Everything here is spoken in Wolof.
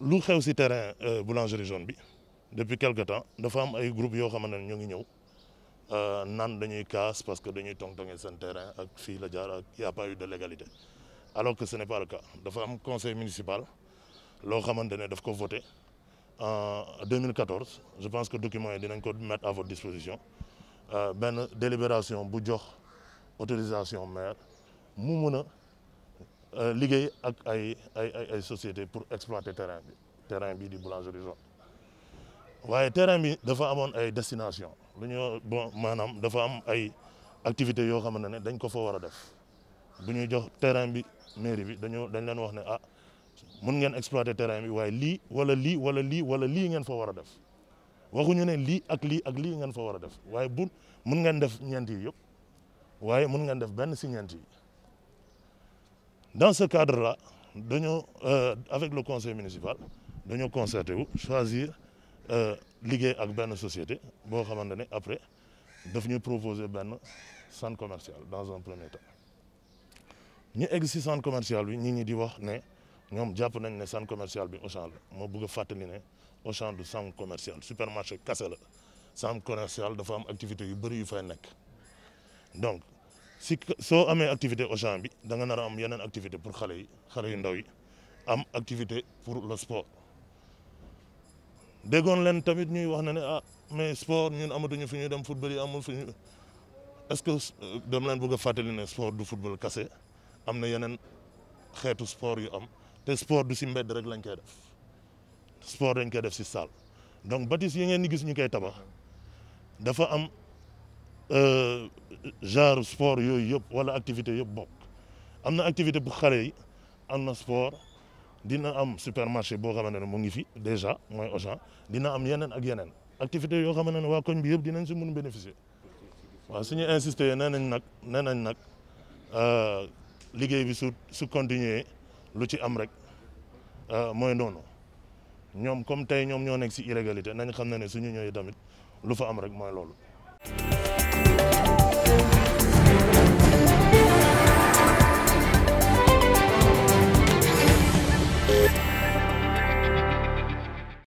avons aussi le terrain euh, boulangerie jaune depuis quelques temps nous femmes ay groupe euh, parce que nous avons terrain a pas eu de légalité alors que ce n'est pas le cas dafa am conseil municipal voté en 2014 je pense que document est mettre à votre disposition une euh, délibération une autorisation maire euh, liggéey ak ay ay ay société pour exploiter terrain bi terrain bi di boulangerie zone waaye terrain bi dafa amoon ay destination lu bon manam dafa am ay activité yoo xam ne dañ ko fa war def bu jox terrain bi mairie bi dañu dañ leen wax ne ah mun ngeen exploiter terrain bi waaye lii wala li wala lii wala lii ngeen fa war a def waxuñu ne lii ak lii ak lii ngeen fa war a def waaye bu mun ngeen def ñeent yi yëpp waaye ngeen def benn si yi dans ce cadre-là, euh, avec le conseil municipal, nous avons choisir euh, liguer avec une société. Bon, après, nous proposer un centre commercial dans un premier temps. Nous avons centre commercial, un centre commercial au champ. Nous avons centre commercial, supermarché centre commercial de activité donc si so amé activité Auchan bi da nga nar am activité pour xalé yi xale yu ndaw yi am activité pour le sport dégon len tamit ñuy wax na ne ah mais sport ñun amatuñu fi ñu dem football yi amul fi est-ce que dama leen bëgg a né sport du football cassé am yenen xétu sport yu am té sport du ci mbéd rek lañ koy def sport dañ koy def ci salle donc bâtisse yi ngeen di gis ñu koy tabax dafa am euh, genre sport yooyu yëpp wala activité yëpp bokk am na activité bu xale yi am na sport dina am supermarché boo xamante ne mu ngi fi déjà mooy Auchan dina am yeneen ak yeneen activité yoo xamante ne waa koñ bi yëpp dinañ si mun bénéficier waa suñu insister nee nañ nag nee nañ nag euh, liggéey bi su su continuer lu ci am rek euh, mooy doono ñoom comme tey ñoom ñoo nekk si illégalité nañ xam ne ne suñu ñëwee tamit lu fa am rek mooy loolu